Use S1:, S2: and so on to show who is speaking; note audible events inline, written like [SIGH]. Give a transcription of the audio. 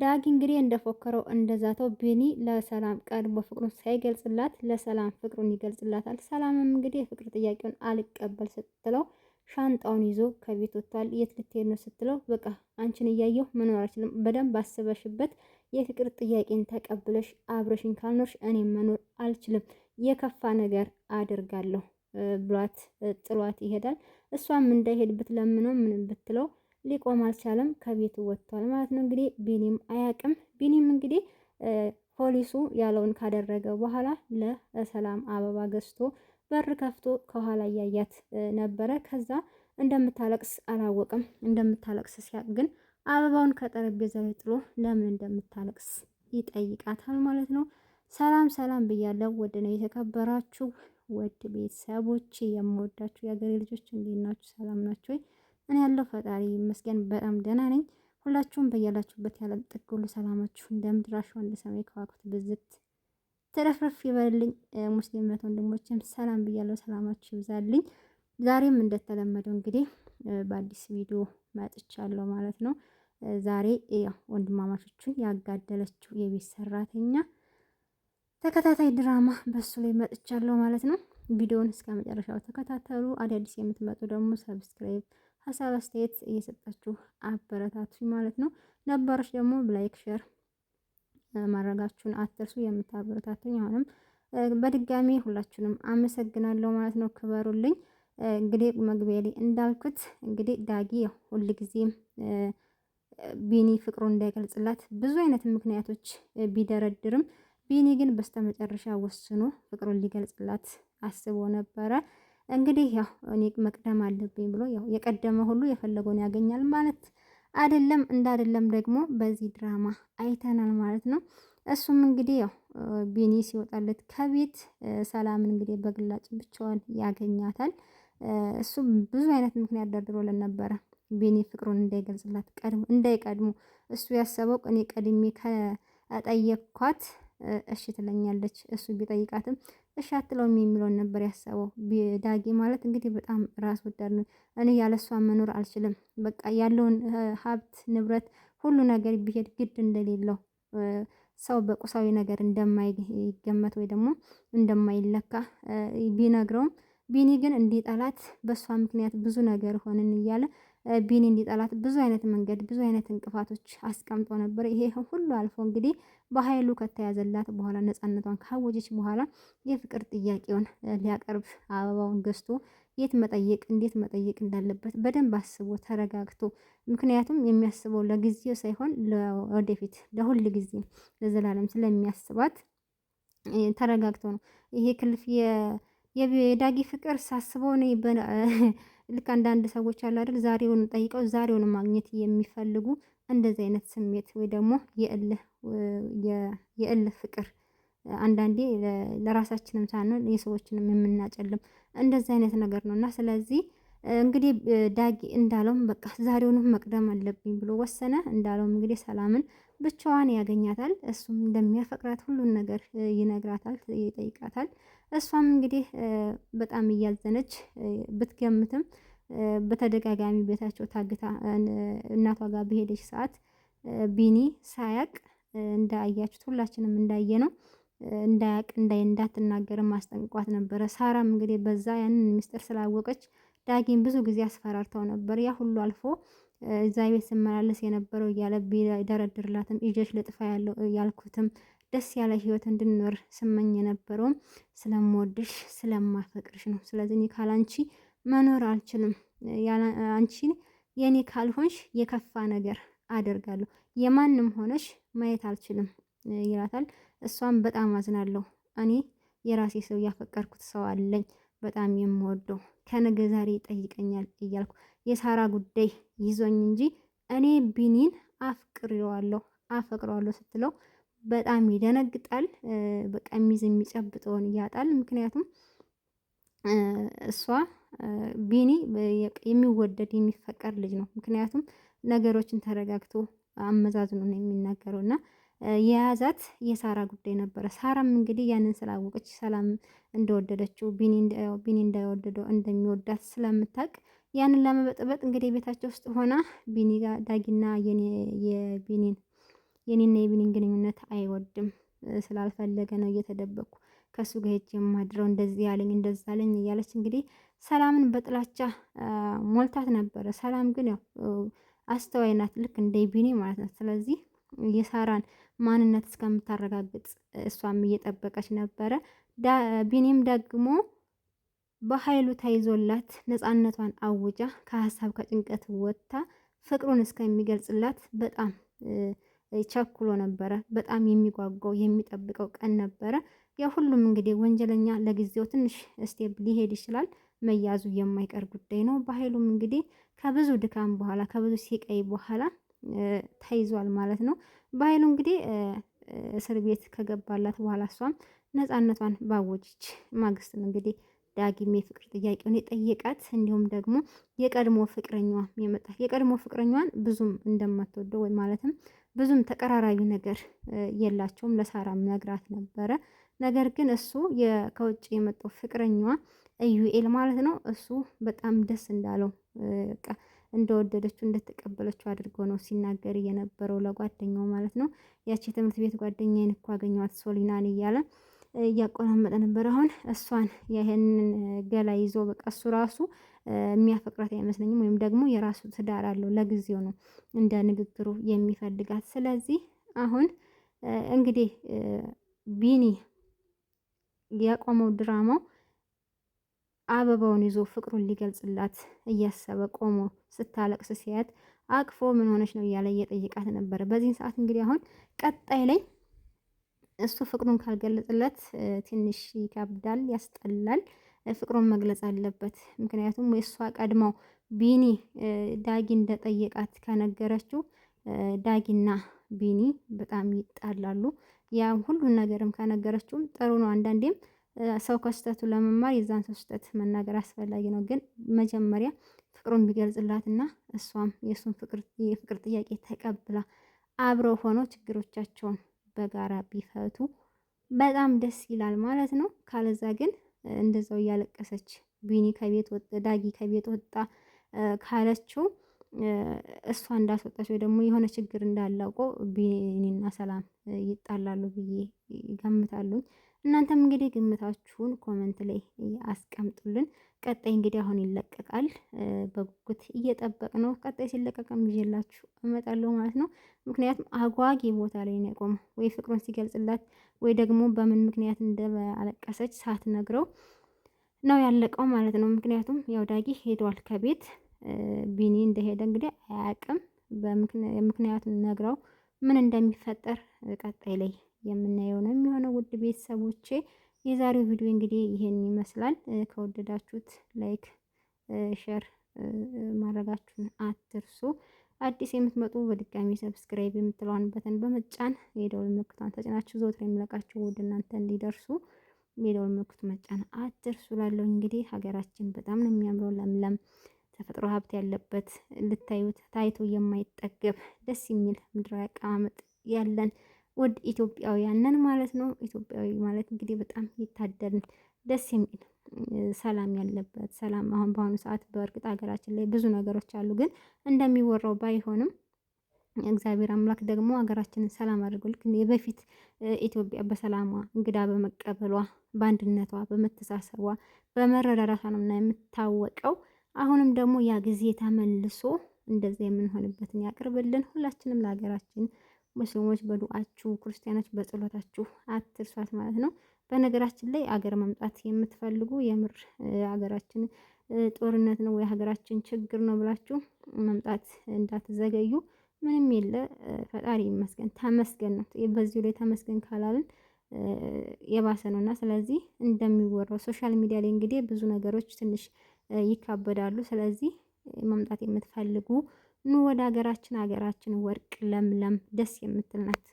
S1: ዳግ እንግዲህ እንደፎከረው እንደዛተው ቢኒ ለሰላም ቀድሞ ፍቅሩን ሳይገልጽላት ለሰላም ፍቅሩን ይገልጽላታል። ሰላምም እንግዲህ የፍቅር ጥያቄውን አልቀበል ስትለው ሻንጣውን ይዞ ከቤት ወጥቷል። የት ልትሄድ ነው ስትለው በቃ አንቺን እያየሁ መኖር አልችልም፣ በደንብ አስበሽበት የፍቅር ጥያቄን ተቀብለሽ አብረሽኝ ካልኖርሽ እኔም መኖር አልችልም፣ የከፋ ነገር አደርጋለሁ ብሏት ጥሏት ይሄዳል። እሷም እንዳይሄድበት ለምነው ምን ብትለው ሊቆም አልቻለም፣ ከቤቱ ወጥቷል ማለት ነው። እንግዲህ ቢኒም አያቅም። ቢኒም እንግዲህ ፖሊሱ ያለውን ካደረገ በኋላ ለሰላም አበባ ገዝቶ በር ከፍቶ ከኋላ እያያት ነበረ። ከዛ እንደምታለቅስ አላወቅም። እንደምታለቅስ ሲያቅ ግን አበባውን ከጠረጴዛ ላይ ጥሎ ለምን እንደምታለቅስ ይጠይቃታል ማለት ነው። ሰላም ሰላም ብያለው። ወደ ነው የተከበራችሁ ወድ ቤተሰቦች የምወዳችሁ የአገሬ ልጆች እንዴት ናችሁ? ሰላም ናችሁ? እኔ ያለው ፈጣሪ ይመስገን በጣም ደህና ነኝ። ሁላችሁም በያላችሁበት ያለ ጥግ ሁሉ ሰላማችሁ እንደ ምድር አሸዋ እንደ ሰማይ ከዋክብት ብዝት ትረፍረፍ ይበልልኝ። ሙስሊም እህት ወንድሞችም ሰላም ብያለሁ፣ ሰላማችሁ ይብዛልኝ። ዛሬም እንደተለመደው እንግዲህ በአዲስ ቪዲዮ መጥቻለሁ ማለት ነው። ዛሬ ወንድማማቾቹን ያጋደለችው የቤት ሰራተኛ ተከታታይ ድራማ በሱ ላይ መጥቻለሁ ማለት ነው። ቪዲዮውን እስከ መጨረሻው ተከታተሉ። አዳዲስ የምትመጡ ደግሞ ሰብስክራይብ ሀሳብ አስተያየት እየሰጣችሁ አበረታቱ ማለት ነው። ነባሮች ደግሞ ላይክ፣ ሼር ማድረጋችሁን አትርሱ። የምታበረታቱኝ አሁንም በድጋሚ ሁላችሁንም አመሰግናለሁ ማለት ነው። ክበሩልኝ። እንግዲህ መግቢያ ላይ እንዳልኩት እንግዲህ ዳጊ ያው ጊዜም ቢኒ ፍቅሩ እንዳይገልጽላት ብዙ አይነት ምክንያቶች ቢደረድርም ቢኒ ግን በስተመጨረሻ ወስኖ ፍቅሩን ሊገልጽላት አስቦ ነበረ። እንግዲህ ያው እኔ መቅደም አለብኝ ብሎ ያው የቀደመ ሁሉ የፈለገውን ያገኛል ማለት አይደለም። አይደለም ደግሞ በዚህ ድራማ አይተናል ማለት ነው። እሱም እንግዲህ ያው ቢኒ ሲወጣለት ከቤት ሰላምን እንግዲህ በግላጭ ብቻዋን ያገኛታል። እሱ ብዙ አይነት ምክንያት ደርድሮልን ነበረ ቢኒ ፍቅሩን እንዳይገልጽላት ቀድሞ እንዳይቀድሙ እሱ ያሰበው እኔ ቀድሜ ከጠየቅኳት እሺ ትለኛለች እሱ ቢጠይቃትም እሺ አትለውም የሚለውን ነበር ያሰበው። ዳጊ ማለት እንግዲህ በጣም ራስ ወዳድ ነው። እኔ ያለሷ መኖር አልችልም፣ በቃ ያለውን ሀብት ንብረት ሁሉ ነገር ቢሄድ ግድ እንደሌለው ሰው በቁሳዊ ነገር እንደማይገመት ወይ ደግሞ እንደማይለካ ቢነግረውም ቢኒ ግን እንዲጠላት በእሷ ምክንያት ብዙ ነገር ሆንን እያለ ቢኒ እንዲጠላት ብዙ አይነት መንገድ ብዙ አይነት እንቅፋቶች አስቀምጦ ነበር። ይሄ ሁሉ አልፎ እንግዲህ በኃይሉ ከተያዘላት በኋላ ነፃነቷን ካወጀች በኋላ የፍቅር ጥያቄውን ሊያቀርብ አበባውን ገዝቶ የት መጠየቅ እንዴት መጠየቅ እንዳለበት በደንብ አስቦ ተረጋግቶ፣ ምክንያቱም የሚያስበው ለጊዜው ሳይሆን ለወደፊት ለሁል ጊዜ ለዘላለም ስለሚያስባት ተረጋግቶ ነው ይሄ ክልፍ የዳጊ ፍቅር ሳስበው ነው [LAUGHS] ልክ አንዳንድ ሰዎች አሉ አይደል ዛሬውን ጠይቀው ዛሬውን ማግኘት የሚፈልጉ እንደዚህ አይነት ስሜት ወይ ደግሞ የእልህ የእልህ ፍቅር አንዳንዴ ለራሳችንም ሳንሆን የሰዎችንም የምናጨልም እንደዚህ አይነት ነገር ነው እና ስለዚህ እንግዲህ ዳጊ እንዳለውም በቃ ዛሬውንም መቅደም አለብኝ ብሎ ወሰነ። እንዳለውም እንግዲህ ሰላምን ብቻዋን ያገኛታል። እሱም እንደሚያፈቅራት ሁሉን ነገር ይነግራታል፣ ይጠይቃታል። እሷም እንግዲህ በጣም እያዘነች ብትገምትም በተደጋጋሚ ቤታቸው ታግታ እናቷ ጋር በሄደች ሰዓት ቢኒ ሳያቅ እንዳያችሁት ሁላችንም እንዳየ ነው እንዳያቅ እንዳይ እንዳትናገር ማስጠንቅቋት ነበረ። ሳራም እንግዲህ በዛ ያንን ምስጢር ስላወቀች ዳጊን ብዙ ጊዜ አስፈራርተው ነበር። ያ ሁሉ አልፎ እዛ ቤት ስመላለስ የነበረው እያለ ቢደረድርላትም ልጆች ልጥፋ ያለው ያልኩትም ደስ ያለ ህይወት እንድንኖር ስመኝ የነበረውም ስለምወድሽ ስለማፈቅርሽ ነው። ስለዚህ እኔ ካላንቺ መኖር አልችልም። አንቺ የእኔ ካልሆንሽ የከፋ ነገር አደርጋለሁ። የማንም ሆነሽ ማየት አልችልም ይላታል። እሷም በጣም አዝናለሁ። እኔ የራሴ ሰው ያፈቀርኩት ሰው አለኝ፣ በጣም የምወደው ከነገ ዛሬ ይጠይቀኛል እያልኩ የሳራ ጉዳይ ይዞኝ እንጂ እኔ ቢኒን አፍቅሬዋለሁ አፈቅረዋለሁ ስትለው በጣም ይደነግጣል። በቃ የሚይዝ የሚጨብጠውን እያጣል። ምክንያቱም እሷ ቢኒ የሚወደድ የሚፈቀር ልጅ ነው። ምክንያቱም ነገሮችን ተረጋግቶ አመዛዝኖ ነው የሚናገረው እና የያዛት የሳራ ጉዳይ ነበረ። ሳራም እንግዲህ ያንን ስላወቀች ሰላም እንደወደደችው ቢኒ እንዳይወደደው እንደሚወዳት ስለምታውቅ ያንን ለመበጥበጥ እንግዲህ ቤታቸው ውስጥ ሆና ቢኒ ጋር ዳጊና የቢኒን የኔና የቢኒን ግንኙነት አይወድም ስላልፈለገ ነው እየተደበቅኩ ከሱ ጋር ሄጄ የማድረው እንደዚህ ያለኝ እንደዚህ ያለኝ እያለች እንግዲህ ሰላምን በጥላቻ ሞልታት ነበረ። ሰላም ግን ያው አስተዋይ ናት፣ ልክ እንደ ቢኒ ማለት ነው። ስለዚህ የሳራን ማንነት እስከምታረጋግጥ እሷም እየጠበቀች ነበረ። ቢኒም ደግሞ በኃይሉ ተይዞላት ነፃነቷን አውጃ ከሀሳብ ከጭንቀት ወጥታ ፍቅሩን እስከሚገልጽላት በጣም ቸኩሎ ነበረ። በጣም የሚጓጓው የሚጠብቀው ቀን ነበረ። ያ ሁሉም እንግዲህ ወንጀለኛ ለጊዜው ትንሽ ስቴፕ ሊሄድ ይችላል። መያዙ የማይቀር ጉዳይ ነው። በኃይሉም እንግዲህ ከብዙ ድካም በኋላ ከብዙ ሲቀይ በኋላ ተይዟል ማለት ነው። በኃይሉ እንግዲህ እስር ቤት ከገባላት በኋላ እሷም ነፃነቷን ባወጀች ማግስት እንግዲህ ዳግም የፍቅር ጥያቄውን የጠየቃት እንዲሁም ደግሞ የቀድሞ ፍቅረኛ የመጣ የቀድሞ ፍቅረኛዋን ብዙም እንደማትወደው ወይ ማለትም ብዙም ተቀራራቢ ነገር የላቸውም ለሳራም ነግራት ነበረ። ነገር ግን እሱ ከውጭ የመጣው ፍቅረኛዋ ኢዩኤል ማለት ነው። እሱ በጣም ደስ እንዳለው እንደወደደችው እንደተቀበለችው አድርጎ ነው ሲናገር የነበረው ለጓደኛው ማለት ነው። ያቺ የትምህርት ቤት ጓደኛዬን እኮ አገኘኋት ሶሊናን እያለ እያቆላመጠ ነበር። አሁን እሷን ይህንን ገላ ይዞ በቃ እሱ ራሱ የሚያፈቅራት አይመስለኝም፣ ወይም ደግሞ የራሱ ትዳር አለው ለጊዜው ነው እንደ ንግግሩ የሚፈልጋት። ስለዚህ አሁን እንግዲህ ቢኒ ያቆመው ድራማው አበባውን ይዞ ፍቅሩን ሊገልጽላት እያሰበ ቆሞ ስታለቅስ ሲያያት አቅፎ ምን ሆነች ነው እያለ እየጠየቃት ነበረ። በዚህን ሰዓት እንግዲህ አሁን ቀጣይ ላይ እሱ ፍቅሩን ካልገለጽለት ትንሽ ይከብዳል፣ ያስጠላል። ፍቅሩን መግለጽ አለበት። ምክንያቱም የእሷ ቀድመው ቢኒ ዳጊ እንደጠየቃት ከነገረችው ዳጊና ቢኒ በጣም ይጣላሉ። ያ ሁሉን ነገርም ከነገረችውም ጥሩ ነው። አንዳንዴም ሰው ከስተቱ ለመማር የዛን ሰው ስተት መናገር አስፈላጊ ነው። ግን መጀመሪያ ፍቅሩን ቢገልጽላትና እሷም የእሱን የፍቅር ጥያቄ ተቀብላ አብረው ሆነው ችግሮቻቸውን በጋራ ቢፈቱ በጣም ደስ ይላል ማለት ነው። ካለዛ ግን እንደዛው እያለቀሰች ቢኒ ከቤት ወጣ፣ ዳጊ ከቤት ወጣ ካለችው እሷ እንዳስወጣች ወይ ደግሞ የሆነ ችግር እንዳላውቆ ቢኒና ሰላም ይጣላሉ ብዬ ይገምታሉኝ። እናንተም እንግዲህ ግምታችሁን ኮመንት ላይ አስቀምጡልን። ቀጣይ እንግዲህ አሁን ይለቀቃል፣ በጉጉት እየጠበቅ ነው። ቀጣይ ሲለቀቅም ይዤላችሁ እመጣለሁ ማለት ነው። ምክንያቱም አጓጊ ቦታ ላይ ነው የቆመው። ወይ ፍቅሩን ሲገልጽላት ወይ ደግሞ በምን ምክንያት እንደአለቀሰች ሳትነግረው ነው ያለቀው ማለት ነው። ምክንያቱም ያው ዳጊ ሄዷል ከቤት ቢኒ እንደሄደ እንግዲህ አያውቅም። ምክንያቱም ነግረው ምን እንደሚፈጠር ቀጣይ ላይ የምናየው ነው የሚሆነው። ውድ ቤተሰቦቼ የዛሬው ቪዲዮ እንግዲህ ይሄን ይመስላል። ከወደዳችሁት ላይክ፣ ሼር ማድረጋችሁን አትርሱ። አዲስ የምትመጡ በድጋሚ ሰብስክራይብ የምትለዋን በተን በመጫን የደውል ምልክቷን ተጭናችሁ ዘወትር የሚለቃችሁ ወደ እናንተ እንዲደርሱ የደውል ምልክቱ መጫን አትርሱ። ላለው እንግዲህ ሀገራችን በጣም ነው የሚያምረው፣ ለምለም ተፈጥሮ ሀብት ያለበት ልታዩት ታይቶ የማይጠገብ ደስ የሚል ምድራዊ አቀማመጥ ያለን ውድ ኢትዮጵያውያንን ማለት ነው። ኢትዮጵያዊ ማለት እንግዲህ በጣም ይታደልን ደስ የሚል ሰላም ያለበት ሰላም። አሁን በአሁኑ ሰዓት በእርግጥ ሀገራችን ላይ ብዙ ነገሮች አሉ፣ ግን እንደሚወራው ባይሆንም እግዚአብሔር አምላክ ደግሞ ሀገራችንን ሰላም አድርጎ ልክ የበፊት ኢትዮጵያ በሰላሟ እንግዳ በመቀበሏ በአንድነቷ በመተሳሰቧ በመረዳዳቷ ነው እና የምታወቀው። አሁንም ደግሞ ያ ጊዜ ተመልሶ እንደዚያ የምንሆንበትን ያቅርብልን። ሁላችንም ለሀገራችን ሙስሊሞች በዱዓችሁ ክርስቲያኖች በጸሎታችሁ አትርሷት ማለት ነው። በነገራችን ላይ አገር መምጣት የምትፈልጉ የምር አገራችን ጦርነት ነው ወይ ሀገራችን ችግር ነው ብላችሁ መምጣት እንዳትዘገዩ። ምንም የለ ፈጣሪ ይመስገን ተመስገን ነው። በዚሁ ላይ ተመስገን ካላልን የባሰ ነው እና ስለዚህ እንደሚወራው ሶሻል ሚዲያ ላይ እንግዲህ ብዙ ነገሮች ትንሽ ይካበዳሉ። ስለዚህ መምጣት የምትፈልጉ ኑ ወደ ሀገራችን ሀገራችን ወርቅ ለምለም ደስ የምትል ናት።